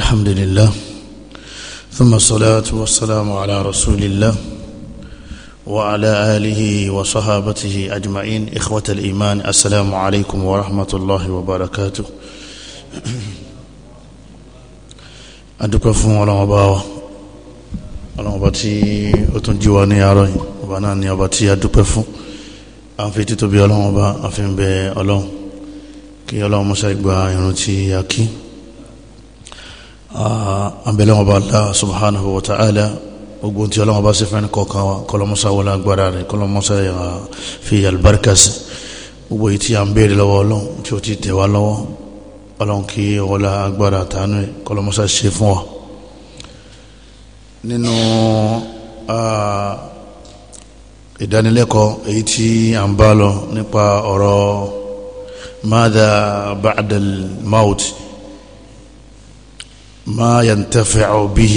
الحمد لله ثم الصلاة والسلام على رسول الله وعلى آله وصحابته أجمعين إخوة الإيمان السلام عليكم ورحمة الله وبركاته أدوك فون ولا مباوة ولا مباتي أتنجواني عرين وبناني أباتي أدوك فون أنفي تتبي الله وبا أفين بي كي الله مساك بها ينوتي يكي àbẹ̀lẹ̀ ah, wọn bá la subhanahu wa ta'ala ogun tí ọlọ́wọ́n bá ṣe fẹ́ kọ̀ọ̀kan wa kọlọ́mọ́sá wọlé agbára rẹ̀ kọlọ́mọ́sá yàrá fi àlùbáríkà sí gbogbo èyí tí a ń béèrè lọ́wọ́ ọlọ́run tí ó ti tẹ̀ wá lọ́wọ́ ọlọ́run kí ọlá agbára àtàánú ẹ̀ kọlọ́mọ́sá ṣe fún wa nínú ah, ìdánilẹ́kọ̀ọ́ èyí tí a ń bá lọ nípa ọ̀rọ̀ mada ba'dal maut. ما ينتفع به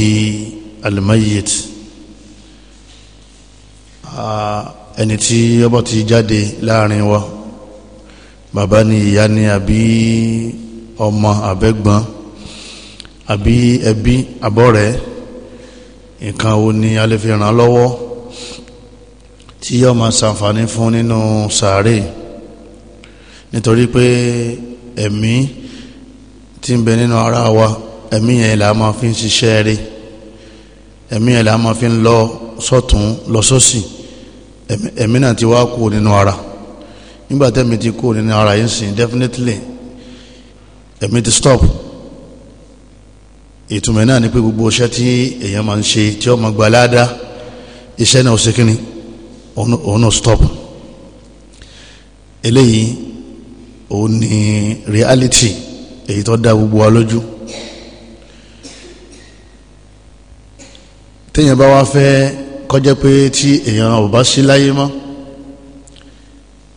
الميت انتي tí جدي ti jáde láàrin wa bàbá ni ìyá ni àbí ọmọ àbẹ́gbọ́n àbí ẹbí àbọ̀rẹ́ nǹkan wo ni a lè fi ràn án lọ́wọ́ tí yóò máa ṣàǹfààní fún nínú sàárè nítorí pé ẹ̀mí tí ń bẹ nínú ara wa ẹ̀mí yẹn là máa fi ń ṣiṣẹ́ rí ẹ̀mí yẹn là máa fi ń lọ sọ́tún lọ sósì ẹ̀mí náà ti wá kú nínú ara nígbà tẹ́mi ti kú nínú ara yìí sìn definitely ẹ̀mí ti stop ìtumọ̀ náà ni pé gbogbo iṣẹ́ tí èèyàn máa ń ṣe tí ó máa gba ládàá iṣẹ́ náà ó ṣe kíni òun náà stop eléyìí òun ni reality èyí tó dá gbogbo wa lójú téèyàn bá wá fẹ́ kọjá pé tí èèyàn ò bá sí láyé mọ́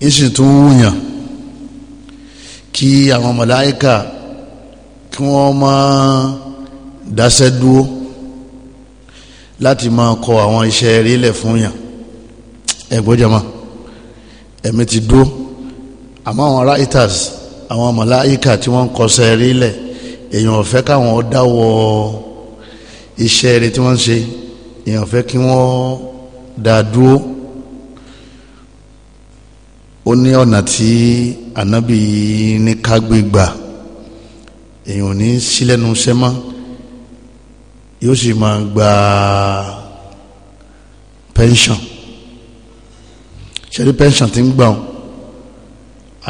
ìsìn tún wúyàn kí àwọn màláíkà kí wọ́n máa dáṣẹ́ dúró láti máa kọ àwọn iṣẹ́ rílẹ̀ fún yàn ẹ̀gbọ́jọ́mọ́ ẹ̀mí ti dúró àmọ́ àwọn writers àwọn màláíkà tí wọ́n ń kọsẹ̀ rílẹ̀ èèyàn ò káwọn dáwọ́ iṣẹ́ rẹ̀ tí wọ́n ń ṣe èèyàn fẹ́ kí wọ́n dá dúró ó ní ọ̀nà tí ànábì ní kágbé gbà èèyàn ní sílẹ̀nu sẹ́mọ́ yóò sì máa gba pension ṣẹ́rí pension ti ń gbà ọ́n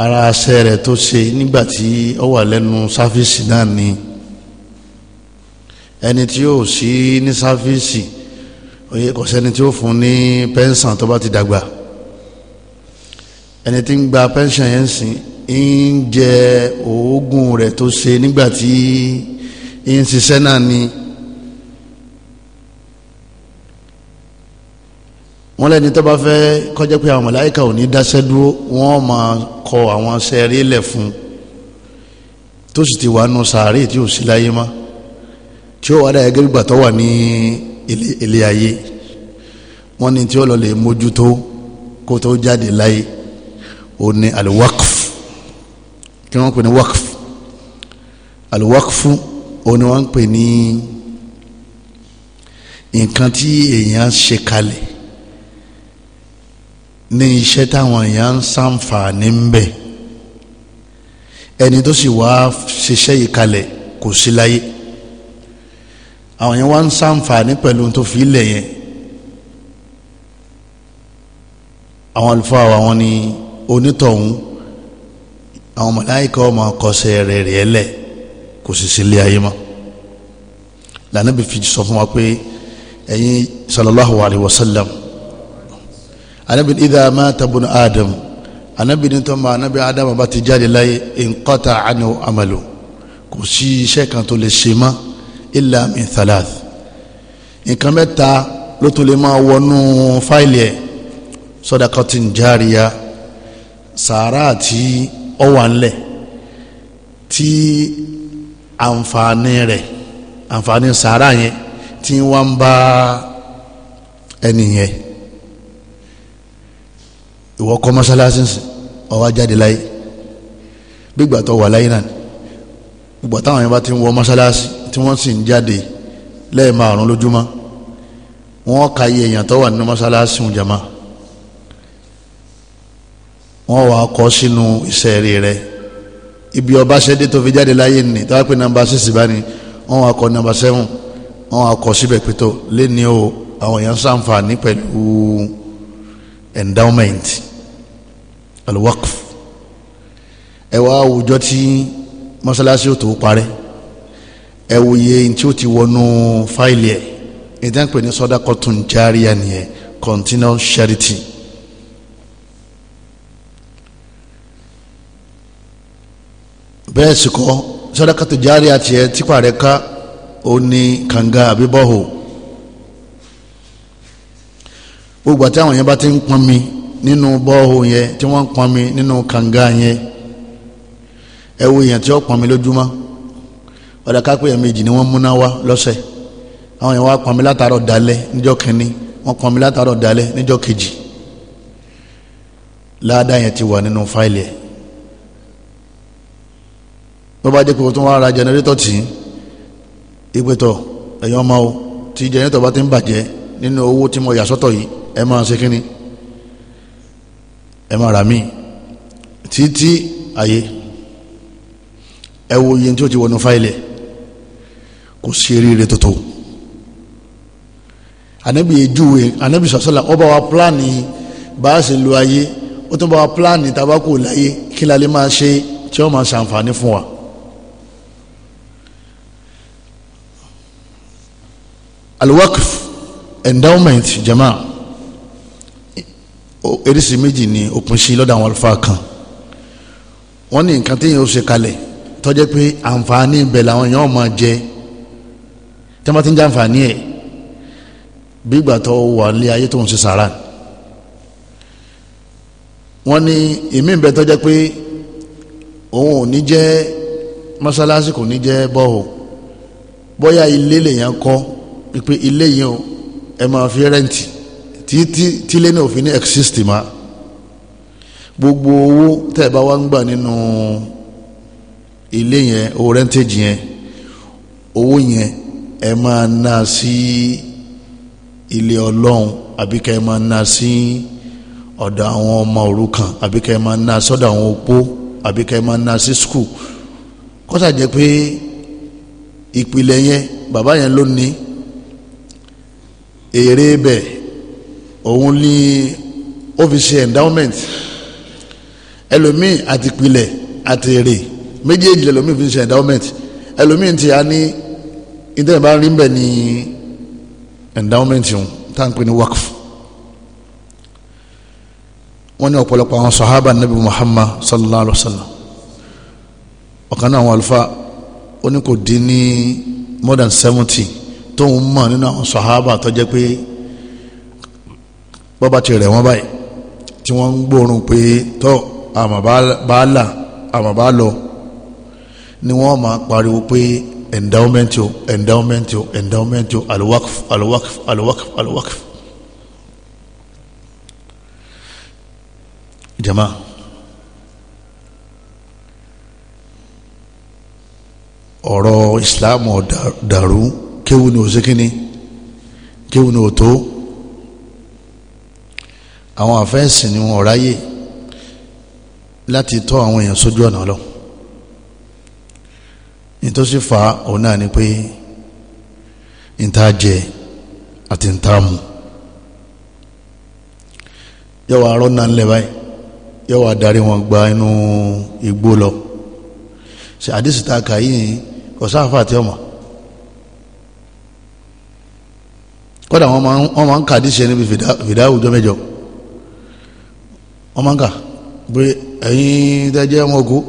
ara aṣẹ rẹ̀ tó ṣe nígbà tí ó wà lẹ́nu sáfíìsì náà ni ẹni tí yóò sí ní sáfíìsì oye kò sẹ́ni tí ó fún ní pẹ́ńsàn tó bá ti dàgbà ẹni tí ń gba pẹ́ńsàn yẹn sìn ń jẹ oògùn rẹ̀ tó ṣe nígbà tí ń ṣiṣẹ́ náà ni wọ́n lẹ́ni tó bá fẹ́ kọjá pé àwọn mọ̀láìka ò ní dáṣẹ́ dúró wọ́n máa kọ àwọn sẹ́ẹ̀rí lẹ̀ fún tó sì ti wà nù sàárè tí ò sí láyé mọ́ tí ó wà dáyà gẹ́gbà tó wà ní ilé ilé ayé wọ́n ní tí ó lọ lè mójútó kó tó jáde láyé ó ní alwakf kí wọ́n pè ní wakf alwakf ó ní wọ́n pè ní nǹkan tí èèyàn ṣe kalẹ̀ ní iṣẹ́ táwọn èèyàn ń ṣàǹfààní ń bẹ̀ ẹni tó sì wá ṣiṣẹ́ yìí kalẹ̀ kò sí láyé àwọn yẹn wá ń sàǹfààní pẹ̀lú tó fi lẹ̀ yẹn àwọn àlùfáà àwọn ni onítọ̀hún àwọn màláíkà ọmọ akọ́sẹ́ rẹ̀ rẹ̀ lẹ̀ kò sì sí ilé ayé mọ́ lànàbí fi sọ fún wa pé ẹ̀yin sallallahu alayhi wa sallam anabi idha mata bunu adam anabi ní tọ́mọ anabi adam bá ti jáde láyé inqata anhu amalu kò sí iṣẹ́ kan tó lè ṣe mọ́ illa min thalath nǹkan mẹ́ta ló tún lè máa wọnú fáìlì ẹ̀ sọ́dọ̀kọ́tì járíya sàárà tí ó wà ńlẹ̀ tí àǹfààní rẹ̀ àǹfààní sàárà yẹn tí wọ́n ń bá ẹni yẹn ìwọ kọ́ mọ́sálásí sìn jáde láyé gbígbà tó wà láyé náà gbígbà táwọn yẹn bá ti ń wọ mọ́sálásí tí wọ́n sì ń jáde lẹ́ẹ̀márùn lójúmọ́ wọ́n ka iye èèyàn tó wà nínú mọ́sálásí ń jama wọ́n wàá kọ́ sínú ìṣẹ̀rí rẹ̀ ibi ọba ṣẹ́dé tó fi jáde láyé nì tó wá pé nàmbà sísì bá ní wọ́n wàá kọ́ nàmbà sẹ́wọ̀n wọ́n wàá kọ́ síbẹ̀ pétọ́ lẹ́ni o àwọn èèyàn sàǹfààní pẹ̀lú endowment alwakf ẹ wá àwùjọ tí mọ́sálásí ò tó parẹ́ ẹ nti tí ó ti wọnú fáìlì ẹ̀ ìdánpẹ̀ ní sọ́dákọ́tún járíà nìyẹn continual charity. bẹ́ẹ̀ sì kọ́ sọ́dákọ́tún járíà tiẹ̀ tipa rẹ̀ ká ó ní kànga àbí kanga gbogbo àti àwọn yẹn bá ti ń pọn mi nínú bọ́hò yẹn tí wọ́n ń pọn mi nínú kànga yẹn ẹ tí ó pọn mi lójúmọ́. ọ̀dà kápẹ́ yẹn méjì ni wọ́n múná wá lọ́sẹ̀ àwọn yẹn wá pọnmi látàárọ̀ dalẹ̀ níjọ́ kínní wọ́n pọnmi látàárọ̀ dalẹ̀ níjọ́ kejì láàdá yẹn ti wà nínú fáìlì ẹ̀ bó bá jẹ́ pé o tún wá ra jẹnẹrétọ̀ tì í ìpè tọ̀ ẹ̀yàn ọmọ o tí jẹnẹrétọ̀ bá ti ń bàjẹ́ nínú owó tí mo yà sọ́tọ̀ yìí ẹ máa ṣe kínní ẹ máa rà míì títí ayé ẹ wo iye tí o ti wọnú fáìlì ẹ̀ kò sí eréere tó tó anabi ejúwe anabi sọsọlá ọba wa pílánì báàsì lu ayé ó tún bá wa pílánì tabako láyé kí lálẹ́ máa ṣe tí wọ́n máa ṣàǹfààní fún wa. alwakf endowment jama erisi méjì ni òpin sí lọ́dọ̀ àwọn àlùfáà kan wọ́n ní nǹkan téèyàn ó ṣe kalẹ̀ tó pé àǹfààní ibẹ̀ làwọn èèyàn máa jẹ́ tí wọ́n ti ń jàǹfààní ẹ̀ bí ìgbà tó wà nílé ayé tó ń ṣe sàrà wọ́n ní èmi ń bẹ tó jẹ́ pé òun ò ní jẹ́ mọ́sálásí kò ní jẹ́ bọ́ọ̀ bóyá ilé lèèyàn kọ́ pé ilé yìí o ẹ máa fi rẹ́ǹtì títí tílé náà òfin ní exist ma gbogbo owó tẹ́ ẹ bá wá ń gbà nínú ilé yẹn owó rẹ́ǹtẹ̀jì yẹn owó yẹn ẹ máa ná sí ilé ọlọ́run àbí kẹ́ ẹ máa ná sí ọ̀dọ̀ àwọn ọmọ òrukàn àbí kẹ́ ẹ máa ná sọ́dọ̀ àwọn opó àbí kẹ́ ẹ máa ná sí skul kọ́sà jẹ́ pé ìpìlẹ̀ yẹn bàbá yẹn ló ní èrè bẹ̀ òun ní ọ́fíìsì endowment ẹlòmíì àti ìpìlẹ̀ àti èrè méjèèjì lẹ́lòmíì fi endowment ẹlòmíì ti a ní ìtẹ̀yìn bá rí bẹ́ẹ̀ ni endowment yìí tá à ń pè ní wakf wọ́n ní ọ̀pọ̀lọpọ̀ àwọn sahaba nabi muhammad sallallahu alayhi wa sallam ọ̀kan náà àwọn alfa ó ní more than seventy tóun mọ̀ nínú àwọn sahaba tó jẹ́ pé bọ́ba ti rẹ̀ wọ́n báyìí tí wọ́n ń gbóòórùn pé tọ́ àmọ́ bá là àmọ́ bá lọ ni wọ́n máa pariwo pé endowment o endowment o endowment o alwakf alwakf alwakf alwakf jama ọ̀rọ̀ islam dàrú kéwù ni òsèkínní kéwù ni òtó àwọn àfẹ́sìn ni wọn ọ̀ráyè láti tọ́ àwọn èèyàn sójú ọ̀nà ọlọ́run nítòsí fa òun náà ni pé níta jẹ àti níta mu yóò wá arọ́ náà ńlẹ̀ báyìí yóò wá darí wọn gba inú igbó lọ ṣe àdìsí tá a kà yìí kò sáfà tí ọmọ kódà wọn máa ń kà àdìsí ẹni bí fìdáwù jọ wọn máa ń kà pé ẹ̀yin tẹ́jẹ́ ọmọ ogun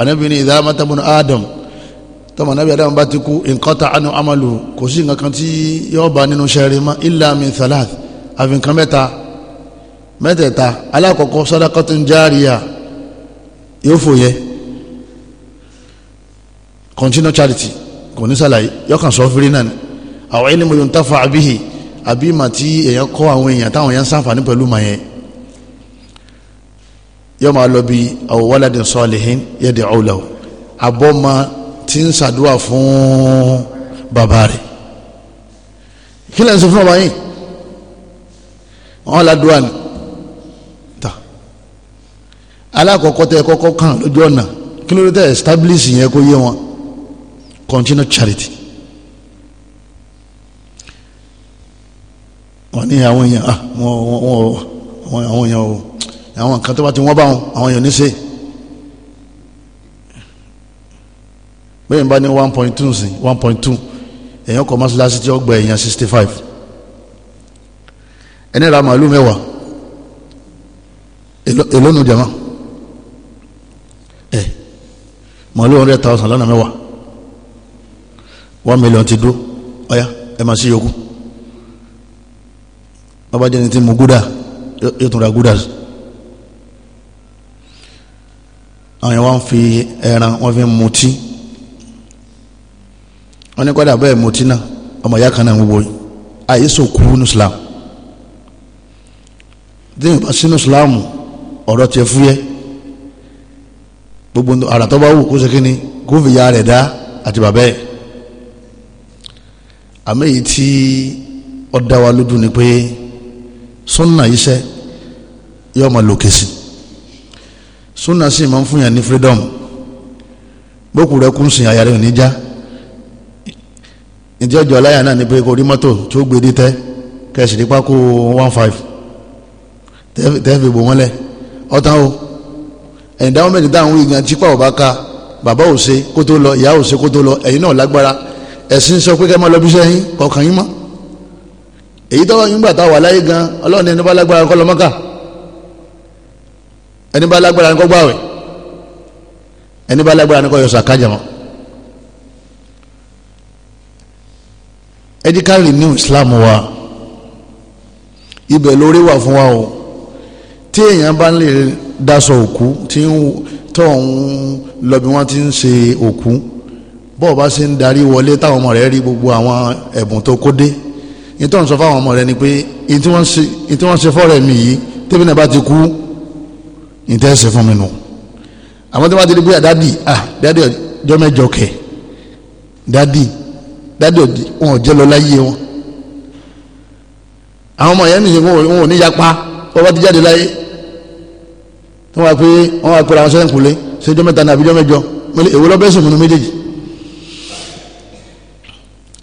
ànábìíní ìdá mátàbọ̀nù Adam tọmọ nàbí adamu bá ti kú inqata anu amalu kò sí nǹkan kan tí yóò bá nínú sẹ́ẹ̀rì mọ́ illa min thalath àfi nǹkan mẹ́ta mẹ́tẹ̀ẹ̀ta alákọ̀ọ́kọ́ sadaqatun jariya yóò fò yẹ continue charity kò ní sàlàyé yóò kàn sọ firi náà ni àwọn ẹni mo yóò ń tafa àbíhì àbí mà tí èèyàn kọ́ àwọn èèyàn táwọn èèyàn sàǹfààní pẹ̀lú mà yẹn yóò máa lọ bí aw waladin salihin yad'u lahu àbọ̀ máa tí ń ṣàdúrà fún bàbá rẹ̀ kí lẹ́yìn sọ fún bàbá yìí wọ́n ládùúrà ni ta alákọ̀ọ́kọ́ tẹ kọ́kọ́ kàn lójú ọ̀nà kí ló dé tẹ establish yẹn kó yé wọn continue charity wọ́n ní àwọn èèyàn ah, àwọn èèyàn o àwọn kan tó bá ti wọ́n bá wọn àwọn èèyàn ní sèé bẹ́ẹ̀ bá ní one point two sí one point two èèyàn kọ́ mọ́sálásí tí ó gba èèyàn sixty five ẹni ra màálù mẹ́wàá èló nu jama ẹ màálù hundred thousand lọ́nà mẹ́wàá one million ti dúró ọ̀ya ẹ máa ṣí yòókù bàbá jẹ́ni tí mo gúdà yóò tún ra gúdà sí. àwọn yẹn wá fi ẹran wọ́n fi mutí wọn ní kọ́dà bẹ́ẹ̀ mo ti ná ọmọ ìyá kan náà ń wo àyè sòkú ní islam díẹ̀ bá sínú islam ọ̀rọ̀ tiẹ̀ fúyẹ́ gbogbo ara tó bá wù kó ṣe kí ni kó fi ya rẹ̀ dá àti bàbá ẹ̀ àmì yìí tí ó dá wa lójú ni pé sunna iṣẹ́ yóò máa lòkè sí sunna sì máa ń fún yàn ní freedom gbókù rẹ kún sìn àyà rẹ ntí ọjọ́ ọláyà náà ni pé kò rí mọ́tò tó gbé dé tẹ́ kẹsì ní pákó one five tẹ́fì bò wọ́n lẹ̀ ọ̀tán o endowment dáhùn ìgbà tipa ọba ka bàbá ò ṣe kó tó lọ ìyá ò ṣe kó tó lọ ẹ̀yin náà lágbára ẹ̀sìn sọ pé kẹ́ máa lọ bí sẹ́yìn kọ̀ọ̀kan yín mọ́ èyí tọ́wọ́ yín gbà tá a wà láyé gan ọlọ́run ẹni bá lágbára kọ́ lọ Mọ́kà ẹni bá lágbára kọ́ gbàwẹ̀ ẹni bá lágbára kọ́ yọ sàkájà mọ́ ẹ jẹ́ ká renew Islam wa ibẹ̀ lórí wà fún wa o tí èèyàn bá lè daṣọ òkú tí ń tọ̀ ń lọ bí wọ́n ti ń ṣe òkú bọ́ọ̀ bá ṣe ń darí wọlé táwọn ọmọ rẹ̀ rí gbogbo àwọn ẹ̀bùn tó kó dé ìtọ́ ń sọ fáwọn ọmọ rẹ̀ ni pé ìtí wọ́n ṣe fọ́ọ̀rẹ́ mi yìí tẹ́bí náà bá ti kú ìtẹ́sẹ̀ fún mi nù àwọn tí wọ́n ti rí pé dádì ah dádì ah, ọjọ́ mẹ́jọ kẹ̀ dádì dádì òdì wọn ò jẹ́ lọ láyé wọn àwọn ọmọ yẹn nìyẹn wọn ò ní yapa wọn bá ti jáde láyé tí wọn wá pé wọn wá pé àwọn sẹ́yìn kùlé sẹ́jọ́ mẹ́ta ní àbíjọ́ mẹ́jọ èwo lọ́bẹ̀ sùn nínú méjèèjì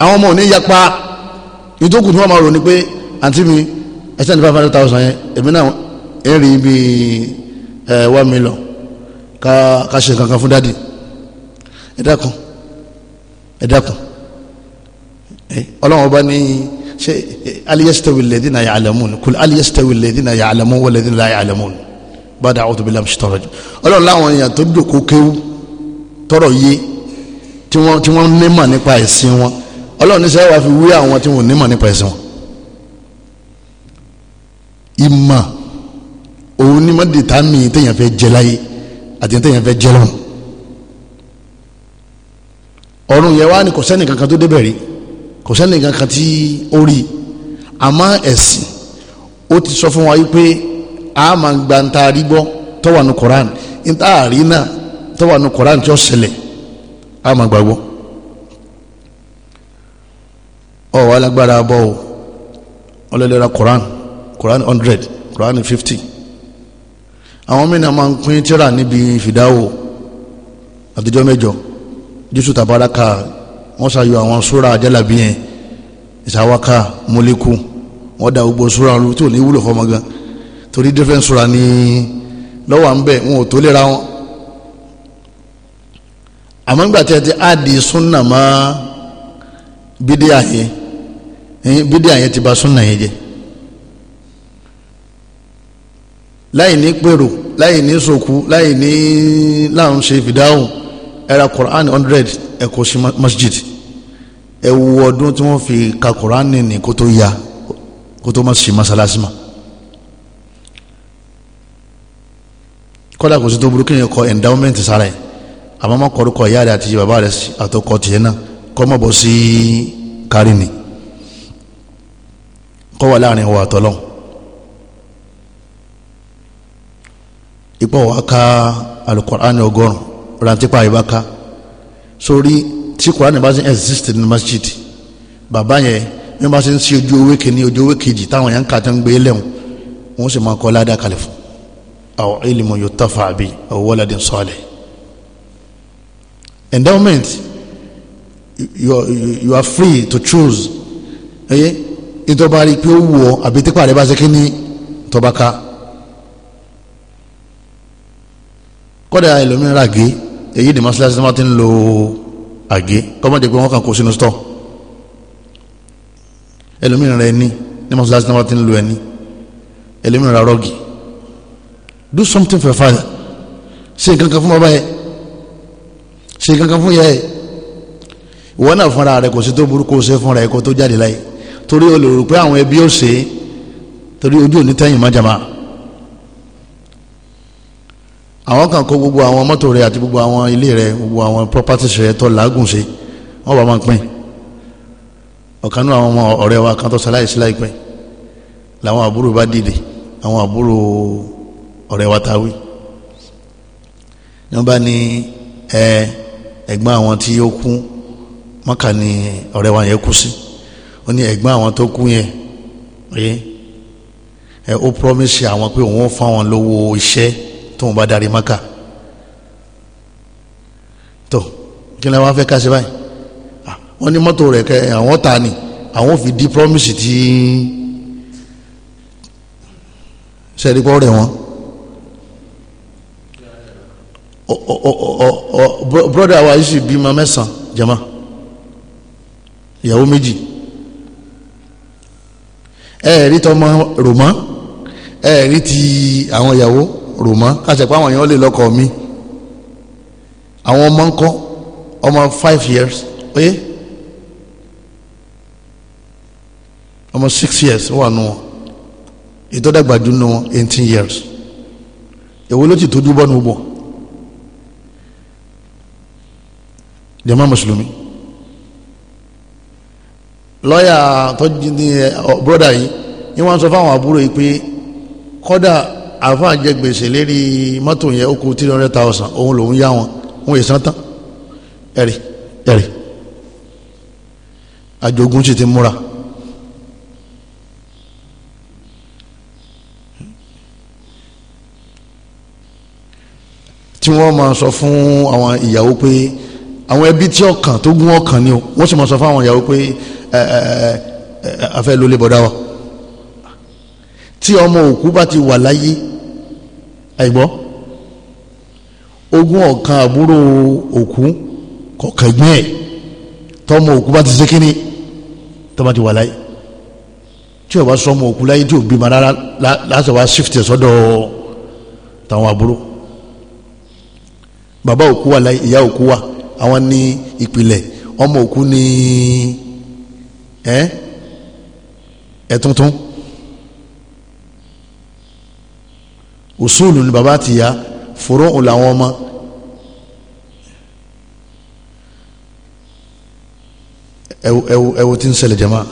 àwọn ọmọ ò ní yapa ìdókù tí wọn máa rò ní pé àǹtí mi ẹsẹ̀ ní five hundred thousand yẹn èmi náà ń rí bíi one million ká ká ṣe kankan fún dádì ẹ dákun ẹ dákun. Eh? ọlọ́run ọba ní ṣe aliyastawi lẹ́dínà ya'lamun kul aliyastawi lẹ́dínà ya'lamun wọ́n lẹ́dínà la ya'lamun bàdà a'udhu billahi minash shaitanir rajim ọlọ́run láwọn èèyàn tó dòkó kéwú tọrọ yé tí wọ́n tí wọ́n nímọ̀ nípa ẹ̀sìn wọn ọlọ́run níṣẹ́ wàá fi wí àwọn tí wọ́n nímọ̀ nípa ẹ̀sìn wọn. ìmọ̀ òun ni mọ̀ dìtà mi téèyàn fẹ́ jẹ láyé àti téèyàn fẹ́ jẹ lọ́run ọ̀run yẹn wá ní kò sẹ́nìkankan tó débẹ̀ rí kò sẹ́ni kankan tí ó rí àmọ́ ẹ̀sìn ó ti sọ fún wa yìí pé a máa gba ń ta àrígbọ́ tó wà ní koran ń ta àrí náà tó koran tí ó ṣẹlẹ̀ a máa gbàgbọ́ ọ̀ wà lágbára bọ́ ọ ọlọ́lẹ́ra koran koran hundred koran fifty àwọn mìíràn máa ń pín tíra níbi fìdáwò àtijọ́ mẹ́jọ jésù tàbára ká wọ́n ṣàyọ àwọn súra àjálàbí yẹn ìṣàwákà mọ́lẹ́kù wọ́n da gbogbo súra lu tí ò ní wúlò fọmọ gan torí different súra ní lọ́wọ́ à ń bẹ̀ wọn ò tó léra wọn. àmọ́ nígbà tí a ti áàdì súnà mọ́ bídíà yẹn bídíà yẹn ti bà súnà yẹn jẹ́ láì ní pèrò láì ní sòkú láì ní láwọn ṣe fìdáhùn ẹ̀rọ Quran hundred ẹ sí masjid ẹ wo ọdún tí wọ́n fi ka kuraani ní kó tó ya kó tó má sí masalasi ma kọ́dà kò sí tó burúkú yẹn kọ endowment sára yẹn àmọ́ má kọ́ orúkọ ìyá rẹ̀ àti bàbá rẹ̀ àtọkọ tiẹ̀ náà kọ́ mọ̀ bọ́ sí kárí ni kọ́ wà láàrin wa àtọ́lọ́hún ipò wa ka alukur'ani ọgọ́rùn-ún rantipa ibaka sórí tí Kùránì bá ti exist ní masjid bàbá yẹn ní bá ti ń sí ojú owó kìíní ojú owó kejì táwọn yẹn ń kà tó ń gbé lẹ́hùn wọ́n sì máa kọ́ ládàá kalẹ̀ fún àwọn ilmu yuttafa bi aw waladin salih endowment you are, you are free to choose ẹyẹ ìtọ́ba rí i pé ó wù ọ́ àbí tipa rẹ bá ṣe kí ni tọ́ba ká kọ́dà ẹlòmíràn rà gé èyí ni mọ́sálásí tó máa ti ń lo àgé kọ́mọ́dé pé wọ́n kàn kó sínú stọ́ ẹlòmíràn rẹ ní ní mọ́sálásí tó máa ti ń lo ẹni ẹlòmíràn rà rọ́ọ̀gì do something for father ṣe nǹkan kan fún bàbá yẹ ṣe nǹkan kan fún yẹ ìwọ náà fúnra rẹ kò sí tó burúkú ṣe fúnra ẹ kó tó jáde láyé torí o àwọn ẹbí ò ṣe torí ojú ò ní tẹ́yìn má àwọn kan kó gbogbo àwọn mọ́tò rẹ àti gbogbo àwọn ilé rẹ gbogbo àwọn properties rẹ tó làágùn ṣe wọ́n bá máa pín ọ̀kan náà àwọn ọmọ ọ̀rẹ́ wa kan tó ṣaláìsí láìpẹ́ làwọn àbúrò bá dìde àwọn àbúrò ọ̀rẹ́ wa táwí ni wọ́n bá ní ẹ ẹ̀gbọ́n àwọn tí ó kú mọ́kà ni ọ̀rẹ́ wa yẹn kú sí ó ní ẹ̀gbọ́n àwọn tó kú yẹn ẹ ó promise àwọn pé òun ó fáwọn lówó iṣẹ́ tó ń bá darí maka tó kí ni wọ́n fẹ́ ká ṣe báyìí ah, wọ́n ní mọ́tò rẹ̀ kẹ́ àwọn ta ni àwọn fi di promise ti sẹ́ríkọ́ rẹ̀ wọ́n broda wa yìí sì bímọ mẹ́sàn-án jama ìyàwó méjì ẹ̀ẹ́rì tọmọ rò mọ́ ẹ̀ẹ́rì ti àwọn ìyàwó rò mọ́ kásẹ̀ pé àwọn èèyàn lè lọ́kọ̀ mi àwọn ọmọ ńkọ́ ọmọ five years pé ọmọ six years wà nù wọn ìtọ́dàgbàjú nù wọn eighteen years èwo ló ti tójú bọ́ nù bọ̀ jàmá mùsùlùmí lọ́ọ̀yà tó ní eh, brọ́dà yìí ni wọ́n sọ fáwọn àbúrò yìí pé kọ́dà àáfàá jẹ gbèsè lérí mọ́tò yẹn ó kù three hundred thousand òun lòún yá wọn òun èsán tán ẹ̀rì ẹ̀rì àjogún sì ti múra. tí wọ́n máa sọ fún àwọn ìyàwó pé àwọn ẹbí tí ọkàn tó gún ọkàn ni o wọ́n sì máa sọ fún àwọn ìyàwó pé afẹ́ ló lè bọ̀dá wa tí ọmọ òkú bá ti wà láyé àìgbọ́ ogún ọ̀kan àbúrò òkú kọ̀ọ̀kan ẹ̀gbọ́n ẹ̀ tọ́mọ òkú bá ti ṣe kínní tọ́mọ ti wà láyé tí o bá sọmọ òkú láyé tí o bímọ rárá láti wá shift sọ́dọ̀ táwọn àbúrò bàbá òkú wà láyé ìyá òkú wà àwọn ní ìpìlẹ̀ ọmọ òkú ní ẹ ẹ tuntun. òṣùlù ni bàbá ti ya fòrò òun làwọn ọmọ ẹwù ẹwù ẹwù tí ń ṣẹlẹ̀ jẹ̀mọ́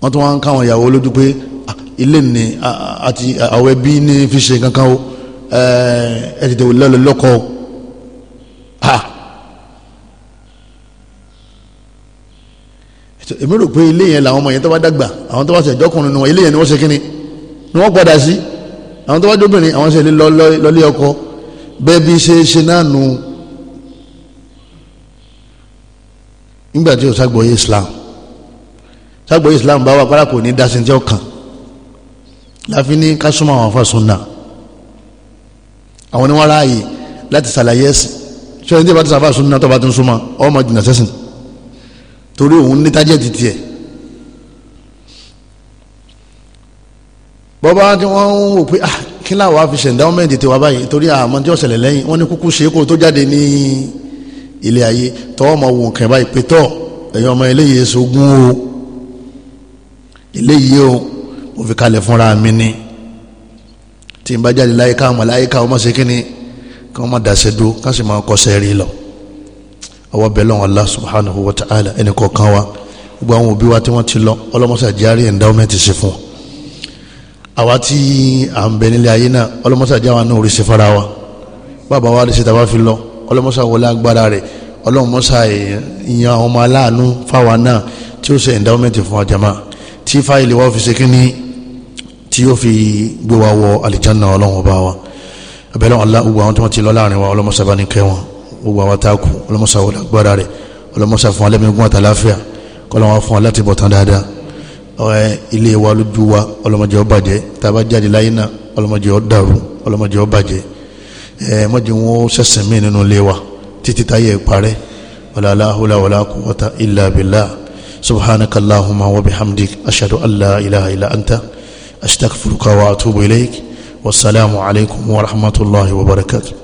wọ́n tún wá ń káwọn ìyàwó lójú pé ah, ilé ni àti àwọn ẹbí ní fi ṣe kankan o eh, ẹ tètè wò lọ́lọ́ lọ́kọ́ o ha èmi rò pé ilé yẹn làwọn ọmọ yẹn tó bá dàgbà àwọn tó bá ṣe ìjọkùnrin nu wọn ilé yẹn ni wọ́n ṣe kí ni wọ́n padà sí àwọn tó wájú obìnrin àwọn ṣe lè lọlé ọkọ bẹ́ẹ̀ bí ṣe ṣe náà nu nígbà tí o ṣàgbọ́yé Islam ṣàgbọ́yé Islam bá wà pàrà kò ní dasin tí ó kàn láfi ní ká súnmọ́ àwọn afásùn náà àwọn ni wọ́n ráàyè láti ṣàlàyé ẹ̀sìn ṣé ẹni tí ìbá ti ṣàfàṣùn náà tó bá ti ń súnmọ́ ọmọ jìnnà sẹ́sìn torí òun ní tájẹ́ tiẹ̀ bọ́bá tí wọ́n ń wò pé ah kí láwa fi ṣe endowment tiwa báyìí torí àmọ́ tí ó ṣẹlẹ̀ lẹ́yìn wọ́n ní kúkú ṣe é kó tó jáde ní ilé ayé tọ́wọ́ máa wò nǹkan báyìí pé tọ́ ẹ̀yin ọmọ eléyìí sogún o eléyìí o mo fi kalẹ̀ fúnra mi ni tí n bá jáde láyìíká ọmọ láyìíká ọmọ ṣe kí kí wọ́n máa dàṣẹ́ dúró ká sì máa kọ́ṣẹ́ rí lọ ọwọ́ bẹ̀ lọ́wọ́ Allah subhanahu wa ta'ala ẹnì kọ̀ọ̀kan wa gbogbo àwọn òbí wa tí àwa tí à ń bẹ nílé ayé náà ọlọ́mọ́sá jáwa náà orí sefara wa bàbá wa lè ṣe tàbá fi lọ ọlọ́mọ́sá wọlé agbára rẹ̀ ọlọ́mọ́sá ìyàn ọmọ aláàánú fáwa náà tí ó ṣe ẹ̀ndáwọ́mẹ́ntì fún àjàmá tí fáìlì wa fi ṣe kíní tí yóò fi gbé wa wọ àlìjáná ọlọ́wọ́n bá wa abẹ́lẹ́ Allah gbogbo àwọn tí wọ́n ti lọ láàrin wa ọlọ́mọ́sá bá ní kẹ́ wọn gbogbo àwọn tá ilé wa lójú wa ọlọ́mọdé ó bàjẹ́ tàbá jáde láyé náà ọlọ́mọdé ó dàrú ọlọ́mọdé ó bàjẹ́ mọ́jì wọn ó sẹ̀sìn mí nínú ilé wa títí táyé parẹ́ wàlá hawla wàlá quwwata illa billah subhanaka allahumma wa bihamdik ashhadu an ilaha illa anta astaghfiruka wa atubu ilayk wasalaamu alaykum wa rahmatulahi wa barakatuh.